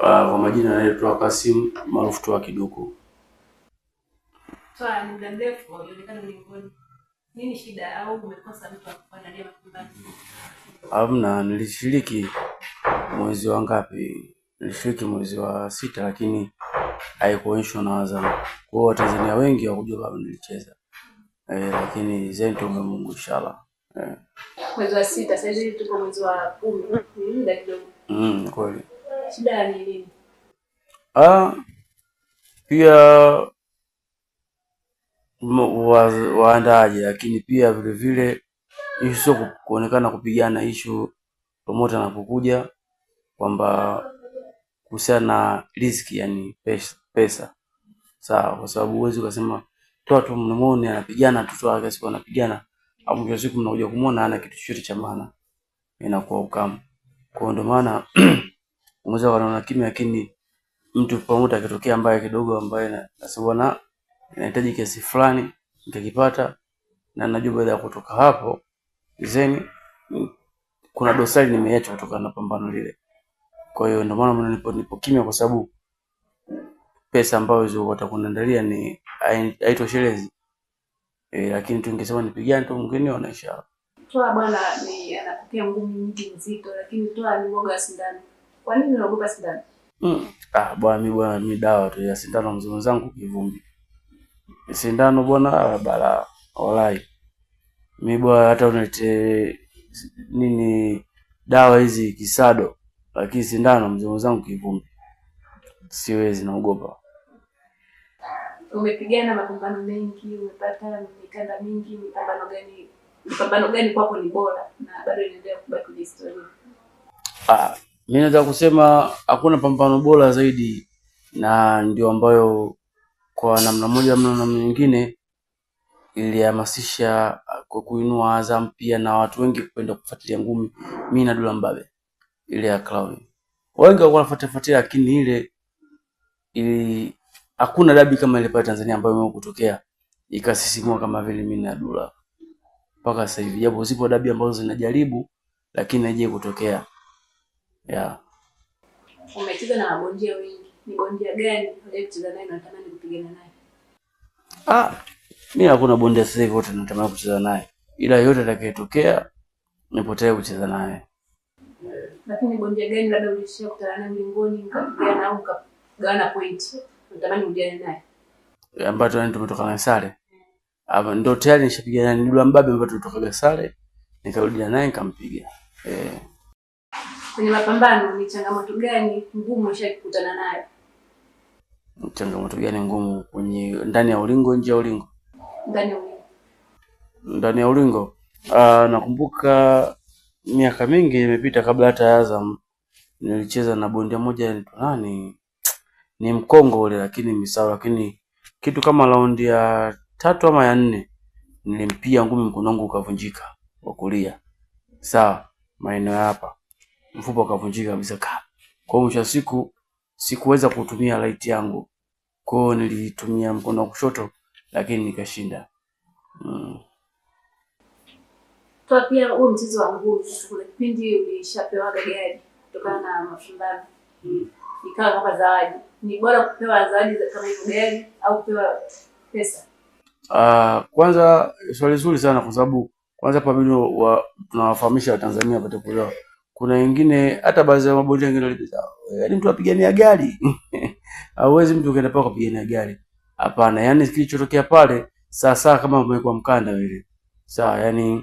Uh, kwa uh, majina anaitwa Kasim maarufu Toa Kiduku. Hamna, nilishiriki mwezi wa ngapi? Nilishiriki mwezi wa sita, lakini haikuonyeshwa na Azam. Kwa hiyo Watanzania wengi hawakujua bado nilicheza mm. eh, lakini zaidi tuombe Mungu inshallah. Eh, mwezi wa sita, sasa hivi tuko mwezi wa 10, ni muda Mm, kweli shida ni nini? Ah, pia waandaaji lakini pia vile vile ishu sio kuonekana kupigana, ishu promota anapokuja kwamba kuhusiana na riski, yani pesa, pesa. Sawa, kwa sababu huwezi ukasema toa tu mnamoni anapigana tu toa kasi kwa anapigana, au mwisho siku mnakuja kumuona ana kitu chochote cha maana, inakuwa ukamu. Kwa ndio maana unaweza wanaona kimya, lakini mtu kwa mtu akitokea ambaye kidogo ambaye nasema na inahitaji kiasi fulani nikakipata, na najua baada ya kutoka hapo zeni kuna dosari nimeacha kutokana na pambano lile. Kwa hiyo ndio maana nipo nipo kimya, kwa sababu pesa ambayo hizo watakuniandalia ni haitoshelezi. E, lakini tungesema nipigane tu mwingine anaisha. Toa bwana ni anapokea ngumu nyingi nzito, lakini toa ni mboga sindano. Kwa nini unaogopa sindano? Mm. Ah, bwana mi bwana mimi dawa tu ya sindano mzee wenzangu kivumbi. Sindano bwana bala olai mi bwana hata unete nini dawa hizi kisado lakini sindano mzee wenzangu kivumbi. Siwezi naogopa. Umepigana mapambano mengi, umepata mikanda mingi, mapambano gani? Mapambano gani kwako ni bora na bado inaendelea kubaki historia? Ah, mimi naweza kusema hakuna pambano bora zaidi, na ndio ambayo kwa namna moja ama namna nyingine ilihamasisha uh, kwa kuinua Azam pia na watu wengi kupenda kufuatilia ngumi. Mimi na Dula Mbabe ile ya Clown, wengi walikuwa wanafuatilia lakini ile ili hakuna dabi kama ile pale Tanzania ambayo imeweza kutokea ikasisimua kama vile mimi na Dula mpaka sasa hivi, japo zipo dabi ambazo zinajaribu lakini haije kutokea. Yeah. Umecheza na mabondia wengi. Ni bondia gani unayecheza naye unatamani kupigana naye? Ah, mimi hakuna bondia sasa hivi wote natamani kucheza naye. Ila yote atakayetokea nipotee kucheza naye. Lakini bondia gani labda naye mkapigana au mkagawana point? Unatamani naye? tunani tumetoka na sare. Hapa ah, ndo tayari nishapigana na Dulua Mbabe ambaye tulitoka sare. Nikarudia naye nikampiga. Eh kwenye mapambano ni changamoto gani ngumu ushakutana nayo? Changamoto gani ngumu kwenye ndani ya ulingo, nje ya ulingo? Ndani ya ulingo. Ndani ya ulingo, uh, nakumbuka miaka mingi imepita kabla hata Azam nilicheza na bondia moja anaitwa nani? Ni Mkongo ule lakini misawa lakini kitu kama raundi ya tatu ama ya nne nilimpia ngumi mkono wangu ukavunjika wa kulia. Sawa, maeneo hapa mfupa ukavunjika kabisa ka. Kwa hiyo mwisho siku sikuweza kutumia light yangu. Kwa hiyo nilitumia mkono wa kushoto lakini nikashinda. Mm. Toa pia huo mchezo wa mguu kuna kipindi ulishapewa gari kutokana na mashindano. Mm. Ikawa kama zawadi. Ni bora kupewa zawadi za kama hiyo gari au kupewa pesa? Ah, Uh, kwanza swali zuri sana kwa sababu kwanza pabidi tunawafahamisha Watanzania wapate kuelewa kuna wengine hata baadhi ya mabodi wengine walipiza, yaani mtu apigania gari hauwezi mtu kaenda pale kupigania gari, hapana. Yani kilichotokea pale saa saa kama umekuwa mkanda wewe, sawa. Yani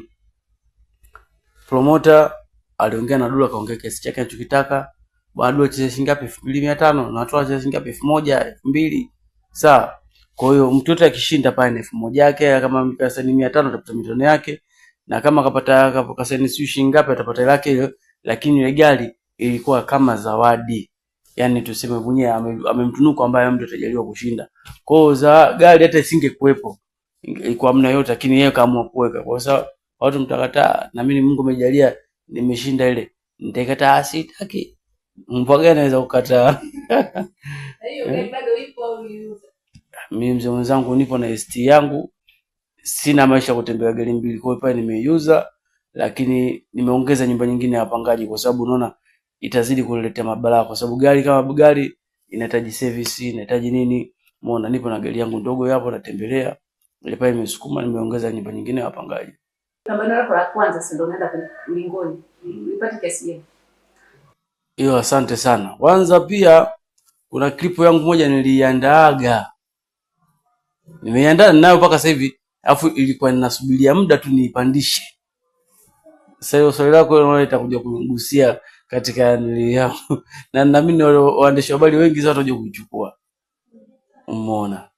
promoter aliongea na Dula, kaongea kiasi chake anachokitaka. Baada ya shilingi ngapi? 2500 na watu wacheza shilingi ngapi? 1000, 2000, sawa. Kwa hiyo mtu yote akishinda pale na 1000 yake, kama mkasani 500 atapata milioni yake, na kama akapata akapata sisi shilingi ngapi atapata lake lakini ile gari ilikuwa kama zawadi, Yaani tuseme mwenyewe amemtunuku ame ambaye mtu atajaliwa kushinda. Kwa hiyo za gari hata isingekuwepo ilikuwa mna yote, lakini yeye kaamua kuweka. Kwa sababu watu mtakataa, na mimi Mungu amejalia nimeshinda ile, Nitakata asitaki. Ah, Mpaka anaweza kukataa. Mimi mzee mwenzangu, nipo na ST yangu, sina maisha kutembea gari mbili, kwa hiyo pale nimeiuza lakini nimeongeza nyumba nyingine ya wapangaji kwa sababu unaona itazidi kuleta mabalaa, kwa sababu gari kama gari inahitaji service, inahitaji nini. Umeona, nipo na gari yangu ndogo hapo natembelea, ile pale nimesukuma, nimeongeza nyumba nyingine ya wapangaji. Mm. Hiyo, asante sana. Kwanza pia kuna klipu yangu moja niliandaaga, nimeiandaa nayo mpaka sasa hivi, alafu ilikuwa ninasubiria muda tu niipandishe sasa hiyo swali lako naona itakuja kugusia katika nili yao na naamini waandishi wa habari wengi sasa watakuja kuchukua, umeona.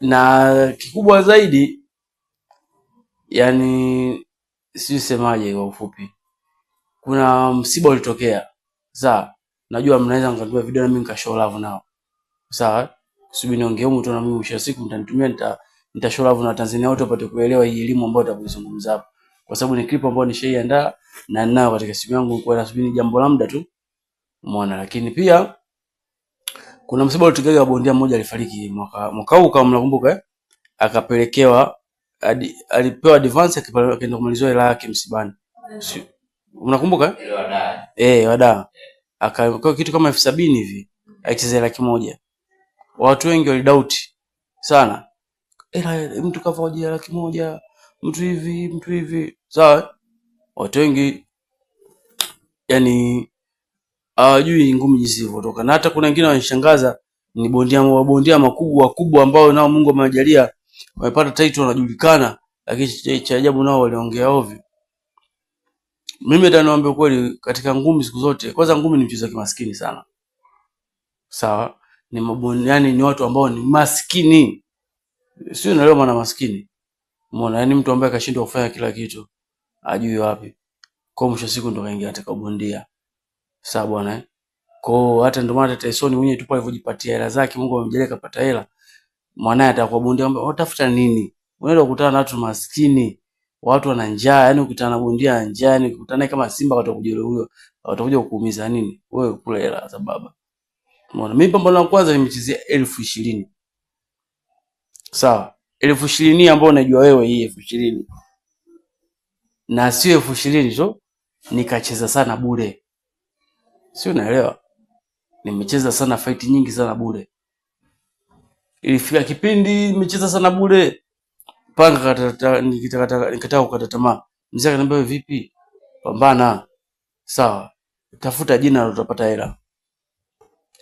Na kikubwa zaidi, yani semaje kwa ufupi, kuna msiba ulitokea, sawa. Najua mnaweza mkatuma video na mimi nikashow love nao, sawa. subi niongee huko tu, na mimi mwisho wa siku mtanitumia, nita nitashow love na Tanzania wote wapate kuelewa hii elimu ambayo tutakuzungumza hapo kwa sababu ni clip ambayo nishaiandaa na nao katika simu yangu, kwa sababu ni jambo la muda tu, umeona. Lakini pia kuna msiba ulitokea, wa bondia mmoja alifariki mwaka mwaka huu kama mnakumbuka, eh, akapelekewa adi, alipewa advance akaenda kumalizia hela yake msibani, mnakumbuka eh, eh wada eh. akapewa kitu kama elfu sabini hivi akicheza laki moja. Watu wengi walidauti sana, ela mtu kavaoja laki moja mtu hivi mtu hivi Sawa, watu wengi yani hawajui ngumi jinsi ilivyotoka, na hata kuna wengine wanashangaza ni bondia wa bondia makubwa wakubwa ambao nao Mungu amewajalia wamepata title wanajulikana, lakini cha ajabu nao waliongea ovyo. Mimi ndio naomba kweli, katika ngumi siku zote, kwanza ngumi ni mchezo wa kimaskini sana, sawa. Ni mabondia yani ni watu ambao ni maskini, sio? Unaelewa maana maskini, umeona? Yani mtu ambaye kashindwa kufanya kila kitu ajui wapi. Kwa mwisho siku ndo kaingia katika ubondia. Sasa bwana eh. Kwa hata ndio maana Tyson mwenyewe tupo alivyojipatia hela zake, Mungu amemjalia kapata hela. Mwanae atakuwa bondia ambaye utafuta oh, nini? Unaenda kukutana na watu maskini, watu wana njaa, yani ukutana na bondia ana njaa, yani ukutana kama simba watu watakuja huyo, watakuja kukuumiza nini? Wewe kula hela za baba. Mwana, Mimi pambano la kwanza nimechezea elfu ishirini. Sawa. Elfu ishirini ambayo unajua wewe hii elfu ishirini na sio elfu ishirini tu nikacheza sana bure, sio Unaelewa, Nimecheza sana fight nyingi sana bure. Ilifika kipindi nimecheza sana bure, panga nikataka kukata tamaa. Mzee akaniambia vipi, pambana sawa, tafuta jina, utapata hela.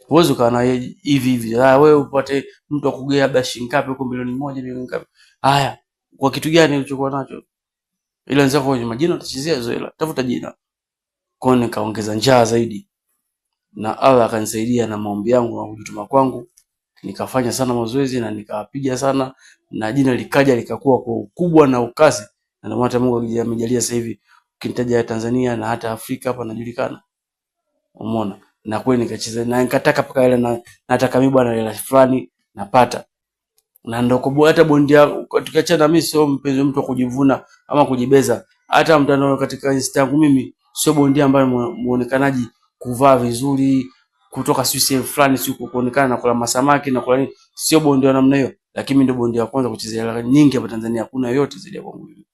Uwezo kana hivi hivi, ah, wewe upate mtu akugea bashi ngapi huko, milioni moja, milioni ngapi? Haya, kwa kitu gani ulichokuwa nacho? ila kwa kwenye majina utachezea hizo hela, tafuta jina. Kwa hiyo nikaongeza njaa zaidi, na Allah akanisaidia na maombi yangu na kujituma kwangu, nikafanya sana mazoezi na nikapiga sana, na jina likaja likakuwa kwa ukubwa na ukasi, na ndio maana Mungu amejalia sasa hivi ukinitaja Tanzania na hata Afrika hapa najulikana, umeona. Na kweli nikacheza na nikataka paka ile na nataka mimi bwana hela fulani napata na ndo kubwa. hata bondi yangu. Tukiacha mimi sio mpenzi mtu wa kujivuna ama kujibeza, hata mtandao katika Insta yangu mimi sio bondi ambaye muonekanaji kuvaa vizuri kutoka sio sehemu fulani, sio kuonekana na kula masamaki na kula nini, sio bondi wa namna hiyo, lakini ndio bondi wa kwanza kuchezea hela nyingi hapa Tanzania, hakuna yote zaidi ya mimi,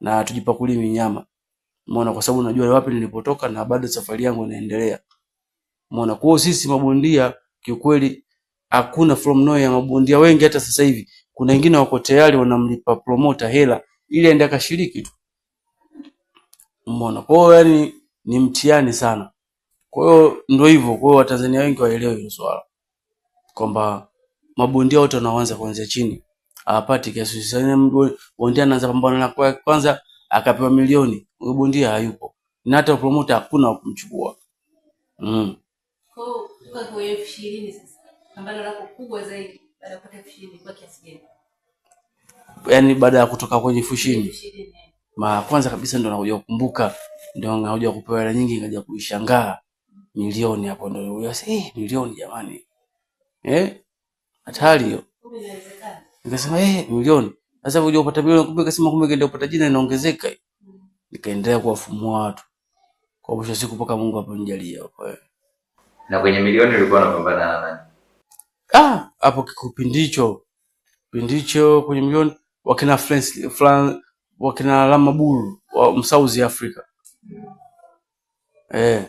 na tujipakulie minyama, umeona, kwa sababu najua wapi nilipotoka na bado safari yangu inaendelea, umeona. Kwa hiyo sisi mabondia kiukweli hakuna from no ya Mabondia wengi hata sasa hivi kuna wengine wako tayari wanamlipa promoter hela ili aende akashiriki tu, umeona? Kwa hiyo yani ni mtihani sana. Kwa hiyo ndio hivyo. Kwa hiyo Watanzania wengi waelewe hilo swala kwamba mabondia wote wanaanza kuanzia chini, hawapati kiasi. Sasa bondia anaanza pambana na kwa kwanza akapewa milioni, huyo bondia hayupo na hata promoter hakuna wa kumchukua mm. Kwa hiyo kwa elfu ishirini sasa pambano lako kubwa zaidi baada ya kupata fushini kwa kiasi gani? Yaani baada ya kutoka kwenye fushini, ma kwanza kabisa ndo nakuja kukumbuka, ndo nakuja kupewa hela nyingi, ngaja kuishangaa milioni. Hapo ndo unasema eh, milioni jamani, eh, hatari hiyo. Nikasema eh, milioni sasa uja upata milioni, kumbe kasema, kumbe kaenda kupata jina inaongezeka. Nikaendelea kuwafumua watu kwa mwisho siku mpaka Mungu aponijalia. Eh. Na kwenye milioni ulikuwa unapambana na nani? ah, hapo kipindi pindicho kwenye milioni wakina France, France, wakina Lamaburu wa South Africa eh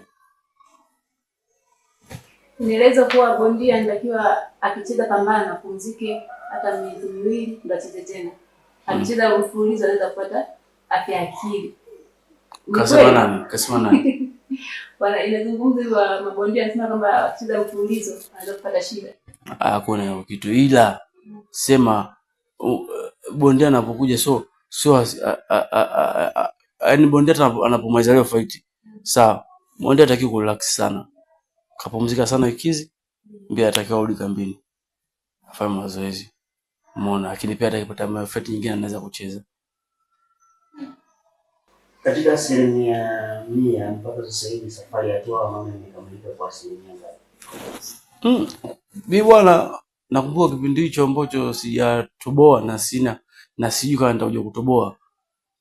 Nieleza kuwa bondia anatakiwa akicheza pambana na apumzike hata miezi miwili ndo acheze tena. Akicheza mm. mfululizo anaweza kupata afya ya akili. Kasema nani? Kasema nani? Bwana inazungumza wa mabondia anasema kwamba akicheza mfululizo anaweza kupata shida hakuna hiyo kitu, ila sema bondia anapokuja so sio yani bondia anapomaliza leo fight sawa, bondia ku relax sana, kapumzika sana ikizi mbia, atakiwa rudi kambini afanye mazoezi umeona, lakini pia atakipata fight nyingine anaweza kucheza katika asilimia mia mpaka sasa hivi. Safari ya toa mama imekamilika kwa asilimia ngapi? Mm. Mi bwana, nakumbuka kipindi hicho ambacho sijatoboa na sina na sijui kama nitakuja kutoboa.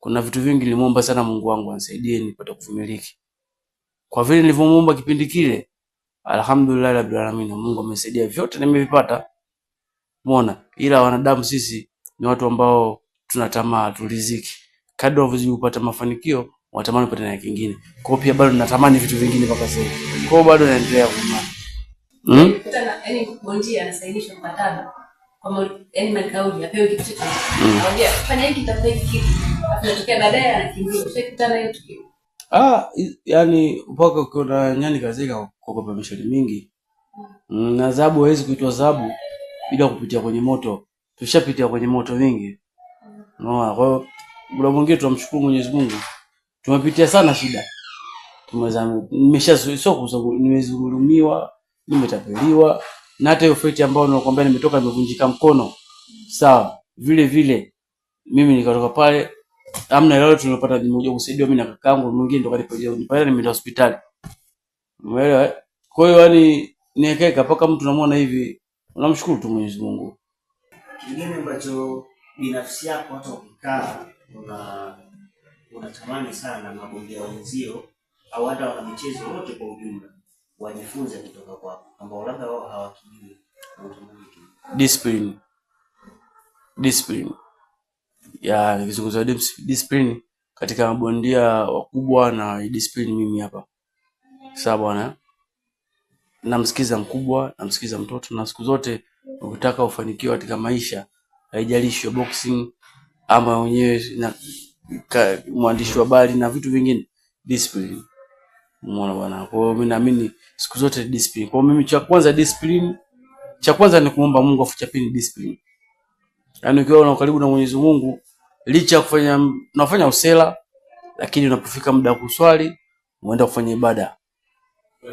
Kuna vitu vingi nilimuomba sana Mungu wangu anisaidie nipate kuvumiliki. Kwa vile nilivyomuomba kipindi kile, alhamdulillah rabbil alamin, Mungu amesaidia vyote nimevipata. muona Ila wanadamu sisi ni watu ambao tuna tamaa tuliziki. Kadri unavyozidi kupata mafanikio, watamani kupata na kingine. Kwa hiyo pia bado natamani vitu vingine mpaka sasa. Kwa hiyo bado naendelea Yani mpaka ukiona nyani kazika kuogopa mishori mingi hmm. mm, na zabu hawezi kuitwa zabu bila kupitia kwenye moto. Tushapitia kwenye moto mingi hmm. no, kwa hiyo muda mwingine tunamshukuru Mwenyezi Mungu, tumepitia sana shida, tumeweza nimeshazungulumiwa nimetapeliwa, na hata hiyo feti ambayo nakwambia nimetoka nimevunjika mkono, sawa vile vile mimi nikatoka pale, amna lolote tulipata mmoja kusaidia mimi na kakaangu mwingine, ndo kanipatia kunipata, nimeenda hospitali, umeelewa? Eh? Kwa hiyo yani niwekeka paka mtu namuona hivi, unamshukuru tu Mwenyezi Mungu. Kingine ambacho binafsi yako hata ukikaa una unatamani sana na magombea wenzio au hata wanamichezo wote kwa ujumla wajifunze kutoka kwako ambao labda wao hawakijui. Discipline, discipline ya nikizungumza discipline katika mabondia wakubwa na discipline, mimi hapa sawa bwana, namsikiza mkubwa, namsikiza mtoto, na siku zote ukitaka ufanikiwe katika maisha, haijalishi boxing ama wenyewe mwandishi wa habari na vitu vingine, discipline Mwana bwana. Kwa hiyo mimi naamini siku zote discipline. Kwa hiyo mimi cha kwanza discipline, cha kwanza ni kumomba Mungu, afu cha pili discipline. Yaani ukiwa una karibu na Mwenyezi Mungu, licha ya kufanya unafanya usela, lakini unapofika muda wa kuswali, unaenda kufanya ibada.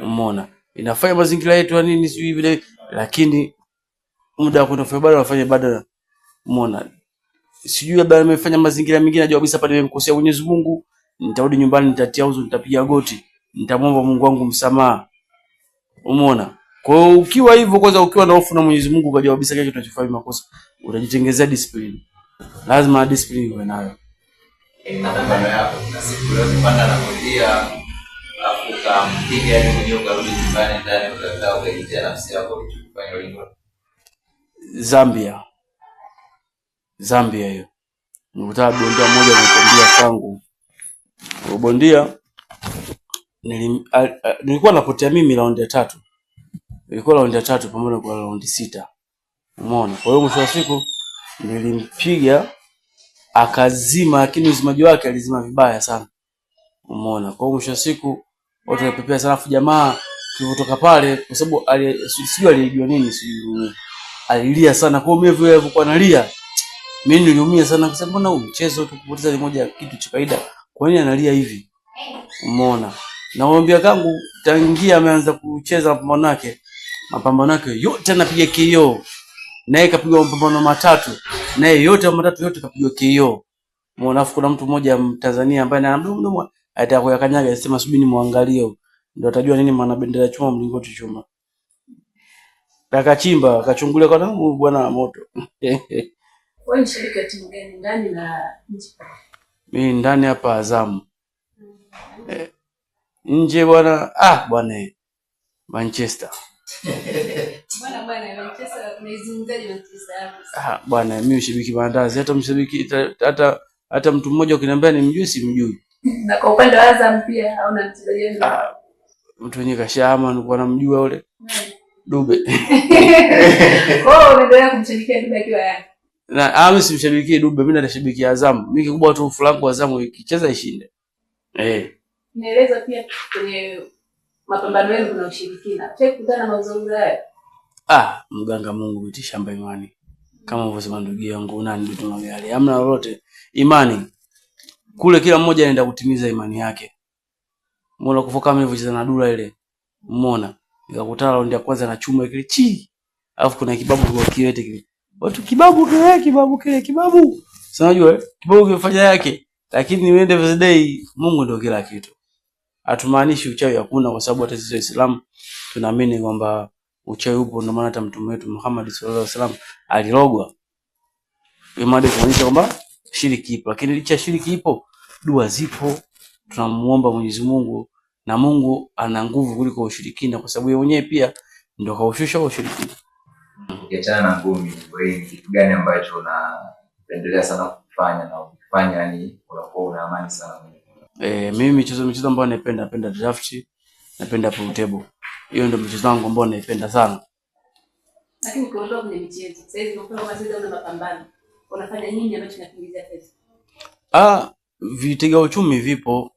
Umeona? Inafanya mazingira yetu ya nini sijui vile, lakini muda wa kufanya ibada unafanya ibada. Umeona? Sijui labda nimefanya mazingira mengine, najua kabisa hapa nimemkosea Mwenyezi Mungu, nitarudi nyumbani, nitatia uzu, nitapiga goti nitamwomba Mungu wangu msamaha. Umeona? Kwa hiyo ukiwa hivyo kwanza, ukiwa na hofu na Mwenyezi Mungu ukajawabisa kile kinachofanya makosa, utajitengezea discipline. Lazima discipline uwe nayo. Zambia, Zambia hiyo nikutana bondia mmoja, nikwambia kwangu bondia nilim, al, nilikuwa napotea mimi raundi ya tatu, ilikuwa raundi ya tatu pamoja kwa raundi sita, umeona. Kwa hiyo mwisho wa siku nilimpiga akazima, lakini uzimaji wake alizima vibaya sana, umeona. Kwa hiyo mwisho wa siku watu walipepea sana, afu jamaa tulivyotoka pale, kwa sababu sijui alijua nini, sijui alilia sana. Kwa hiyo mimi vile alivyokuwa analia mimi niliumia sana, kwa sababu mbona huu mchezo tu kupoteza ni moja kitu cha kawaida, kwa nini analia hivi, umeona na mwambia kangu tangia ameanza kucheza mapambano yake mapambano yake yote anapiga KO, naye kapiga mapambano matatu, naye yote matatu yote kapiga KO. Mwanaafu, kuna mtu mmoja Mtanzania ambaye na mdomo anaamdumdum aitaka kuyakanyaga, anasema subiri ni muangalie, ndio atajua nini maana bendera chuma mlingoti chuma. Akachimba akachungulia kwa nani bwana wa moto. Wewe ni shirika timu gani ndani na nje? Mimi ndani hapa Azam. Azamu. Mm. Eh nje bwana. Ah bwana, Manchester ah, bwana, mimi shabiki maandazi, hata mshabiki hata hata mtu mmoja ukiniambia ni mjui, si mjui. Na kwa upande wa Azam pia ah, mtu mwenye kashama nilikuwa namjua yule Dube. Oh, Dube akiwa Yanga? Na ah, mimi simshabikie Dube, mimi nashabikia Azamu. Mimi kikubwa tu flango Azamu ikicheza ishinde, eh Inaeleza pia kwenye mapambano yenu kuna ushirikina. Kutana mazungumzo haya. Ah, mganga Mungu miti shamba imani. Kama ulivyosema ndugu yangu, una ndio tunagali. amna lolote. Imani. Kule kila mmoja anaenda kutimiza imani yake. Muona kufoka kama hivyo cheza na dura ile. Muona. Nikakutana raundi ya kwanza na chuma kile chi. Alafu kuna kibabu kwa kiwete kile. Watu kibabu kile kibabu kile kibabu. Sasa unajua kibabu kimefanya yake. Lakini niende first day Mungu ndio kila kitu. Hatumaanishi uchawi hakuna, kwa sababu hata sisi Waislamu tunaamini kwamba uchawi upo. Ndio maana hata mtume wetu Muhammad sallallahu alaihi wasallam alirogwa imani, kuonyesha kwamba shiriki ipo. Lakini licha shiriki ipo, dua zipo, tunamuomba Mwenyezi Mungu na Mungu ana nguvu kuliko ushirikina, kwa sababu yeye mwenyewe pia ndio kaushusha ushirikina. Ukiachana na ngumi, wewe kitu gani ambacho unapendelea sana kufanya na ukifanya, yani unakuwa una amani sana? Eh, mimi michezo michezo ambayo naipenda napenda draft, napenda pool table. Hiyo ndio michezo yangu ambayo naipenda sana. Lakini ukiondoa kwenye michezo, sasa hivi unakuwa kama sasa una mapambano. Unafanya nini ambacho kinakuingizia pesa? Ah, vitega uchumi vipo.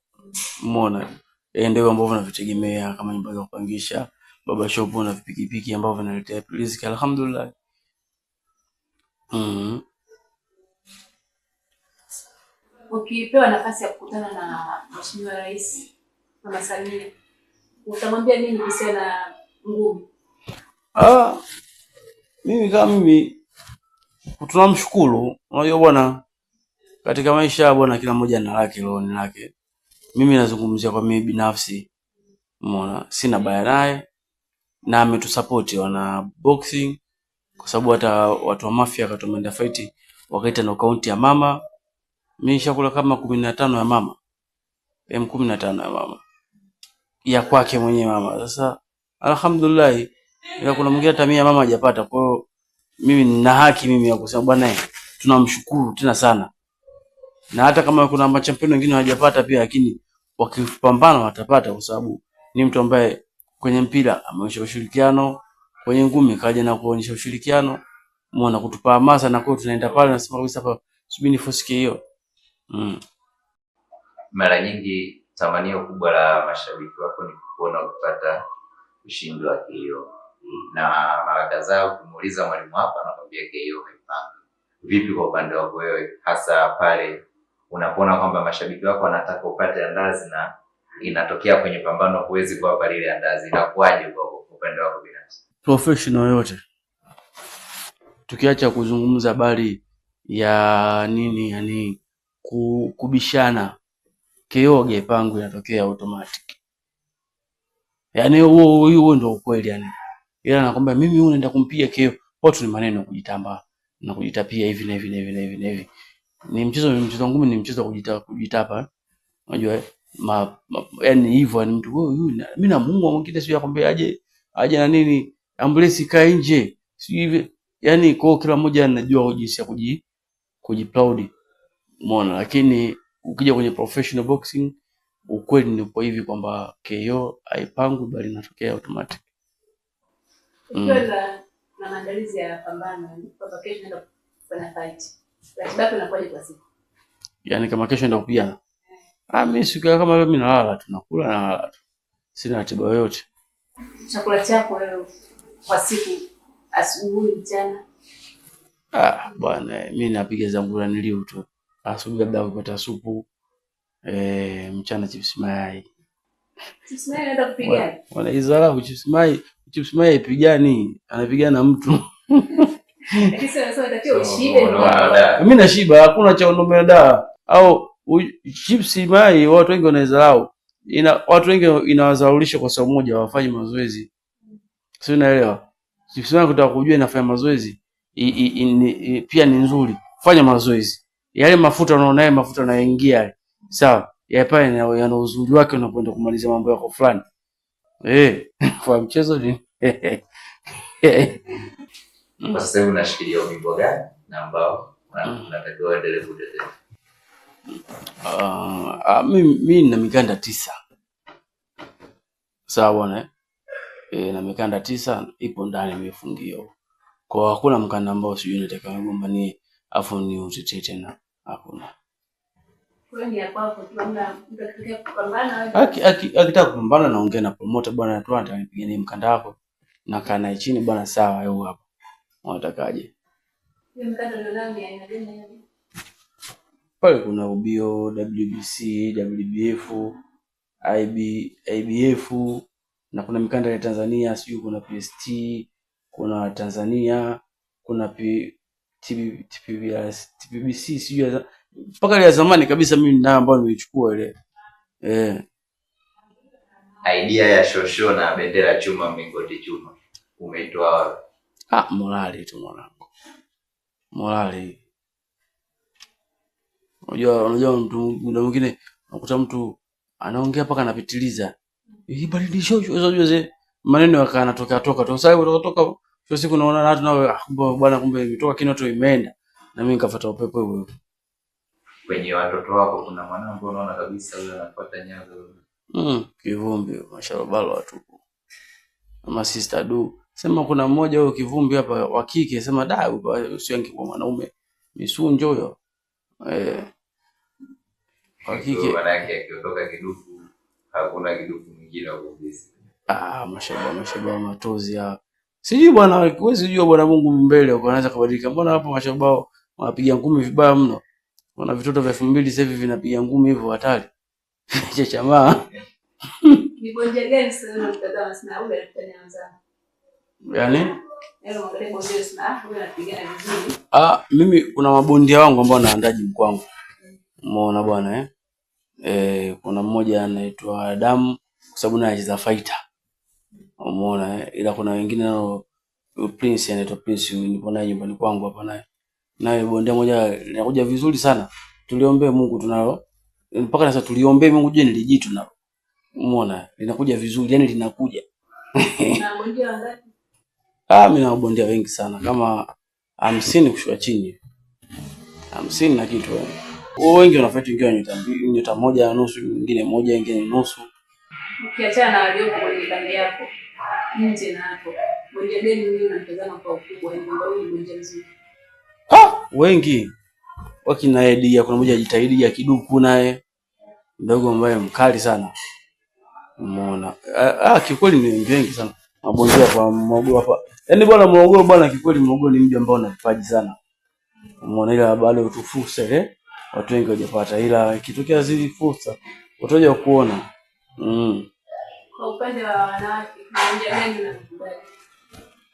Umeona? Eh, ndio ambavyo navitegemea kama nyumba ya kupangisha, baba shop na pikipiki ambavyo vinaletea riziki. Alhamdulillah. Mhm. Mm ukipewa nafasi ya kukutana na Mheshimiwa Rais Mama Samia utamwambia nini kuhusiana na ngumi? Ah, mimi kama mimi tunamshukuru. Unajua bwana, katika maisha bwana, kila mmoja na lake loni lake. Mimi nazungumzia kwa mimi binafsi, umeona, sina baya naye na ametusapoti wana boxing, kwa sababu hata watu wa Mafia wakati wameenda fight wakaita knockout ya mama mimi nishakula kama kumi na tano ya mama m kumi na tano ya mama ya kwake mwenye mama. Sasa alhamdulillah, ila kuna mwingine hata mimi mama hajapata. Kwa hiyo mimi nina haki mimi ya kusema bwana, tunamshukuru tena sana, na hata kama kuna machampioni wengine hawajapata pia, lakini wakipambana watapata, kwa sababu ni mtu ambaye kwenye mpira ameonyesha ushirikiano, kwenye ngumi kaja na kuonyesha ushirikiano, muona kutupa hamasa, na kwa hiyo tunaenda pale, nasema kabisa hapa subini nifosike hiyo mm. Mara nyingi tamanio kubwa la mashabiki wako ni kuona kupata ushindi wa KO mm. na mara kadhaa ukimuuliza mwalimu wako anakwambia KO haipangwi. Vipi kwa upande wako wewe, hasa pale unapoona kwamba mashabiki wako wanataka upate andazi na inatokea kwenye pambano huwezi kuwapa lile andazi, inakuwaje kwa upande wako binafsi? Professional yote tukiacha kuzungumza bali ya nini, yani kubishana, kioge pangu inatokea automatic. Yani huo huo ndio ukweli yani, ila nakwambia mimi huyu naenda kumpiga kio. watu ni maneno kujitamba na kujitapia hivi na hivi na hivi na hivi na hivi. Ni mchezo, ni mchezo ngumu ni mchezo kujita kujitapa, unajua ma, ma, yani hivyo ni yaani mtu oh, huyu huyu, mimi na Mungu mwingine sio akwambia aje aje na nini, ambulance ikae nje, sio hivi yani. Kwa kila mmoja anajua jinsi ya kuji kujiplaudi Umeona, lakini ukija kwenye professional boxing ukweli ni ndipo hivi kwamba KO haipangwi bali inatokea automatic. Mm. Na maandalizi ya pambano kwamba kesho naenda kufanya fight. Ratiba yako kwa siku? Yaani kama kesho ndio kupigana. Ah, mimi siku kama leo mimi nalala tu, nakula na lala tu. Sina ratiba yoyote. Chakula chako leo kwa siku asubuhi, mchana? Ah, bwana mimi napiga zangu la nilio tu asubuhi labda ukipata supu eh, mchana chips mayai. Chips mayai Wala chips mayai, chips mayai haipigani, anapigana mtu. Mimi nashiba, hakuna cha unomea dawa au chips mayai, watu wengi wanaizalau Ina watu wengi inawazaulisha kwa sababu moja wafanye mazoezi. Sio, unaelewa? Chips mayai kutaka kujua inafanya mazoezi pia ni nzuri. Fanya mazoezi yale mafuta unaona yale mafuta yanayoingia sawa, yale pale yana uzuri wake unapoenda kumaliza mambo yako fulani eh, kwa mchezo ni kwa sasa hivi unashikilia wimbo gani na ambao unatakiwa endelee kutetea? Ah, mimi ah, mimi nina mikanda tisa, sawa bwana eh, eh na mikanda tisa ipo ndani imefungiwa, kwa hakuna mkanda ambao sijui nitakayogombania afu ni utetee tena hakuna. Akitaka kupambana naongea na promoter, bwana atanipigia nini mkanda wako nakaa naye chini bwana, sawa au hapa unatakaje? Pale kuna ubio WBC, WBF, IB, IBF na kuna mikanda ya Tanzania, sijui kuna PST, kuna Tanzania, kuna P TPBC sijui mpaka ya zamani kabisa, mimi ninayo ambayo nimeichukua ile eh, idea ya shosho na bendera chuma mingoti chuma umeitoa? Ah, morali tu mwanangu, morali. Unajua, unajua mtu muda mwingine unakuta mtu anaongea mpaka anapitiliza, hii baridi unajua zile maneno yakaanatoka toka toka, sasa kutoka toka Sio siku naona watu na ah, kumbe bwana, kumbe imetoka kinoto imeenda na mimi nikafuata upepo huo huo. Kwenye watoto wako kuna mwana mwanangu unaona kabisa yule anafuata nyazo. Mm, kivumbi masharobalo watu. Ama sister du. Sema kuna mmoja huyo kivumbi hapa wa kike sema da usiangi kwa mwanaume. Misunjo huyo. Eh. Wa kike. Maana yake akiondoka kidufu hakuna kidufu mwingine wa kumbisi. Ah, mashaba mashaba matozi hapa. Sijui bwana, wewe sijui bwana, Mungu mbele huko anaweza kubadilika. Mbona hapo mashabao wanapiga ngumi vibaya mno? Wana vitoto vya 2000 sasa hivi vinapiga ngumi hivyo hatari. Cha chama? Ni bonje gani sasa mtazama sana ule anaanza? Yaani? yaani bonje sana, vizuri. Ah, mimi kuna mabondia wangu ambao naandaji mkwangu. Umeona bwana eh? Eh, kuna mmoja anaitwa Adam kwa sababu naye anacheza fighter unamuona eh? Ila kuna wengine nao Prince anaitwa Prince, nipo naye nyumbani kwangu hapa naye naye bondia moja inakuja vizuri sana. Tuliombe Mungu tunalo mpaka sasa, tuliombe Mungu je nilijitu nalo umeona linakuja vizuri, yani linakuja ah, mimi na bondia wengi sana kama hamsini kushuka chini, hamsini na kitu eh. Wao wengi wanafight, wengine nyota mbili, nyota moja na nusu, nyingine moja, nyingine nusu, ukiachana na waliopo kwenye kambi yako nje na hapo. Mwenye deni huyu unatazama kwa ukubwa, ni kwamba huyu mwenye mzuri. Ha, wengi wakina Edia, kuna mmoja ajitahidi ya kiduku naye mdogo ambaye mkali sana. Umeona? Ah, kiukweli ni wengi sana. Mabonzo hapa mmogo hapa. Yaani bwana Morogoro bwana kikweli Morogoro ni mji ambao una vipaji sana. Umeona ila bado tufursa ile eh? watu wengi hawajapata ila ikitokea zile fursa utakuja kuona. Mm. Kwa upande wa wanawake,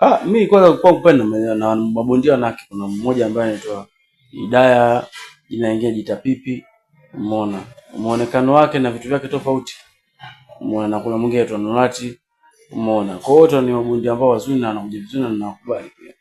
ah, mimi kwanza kwa upande na mabondia wanawake, kuna mmoja ambaye anaitwa Idaya inaingia jita pipi, umeona muonekano wake na vitu vyake tofauti, umeona, na kuna mwingine anaitwa Nurati, umeona. Kwa hiyo wote ni mabondia ambao wazuri na wanakuja vizuri na ninawakubali pia.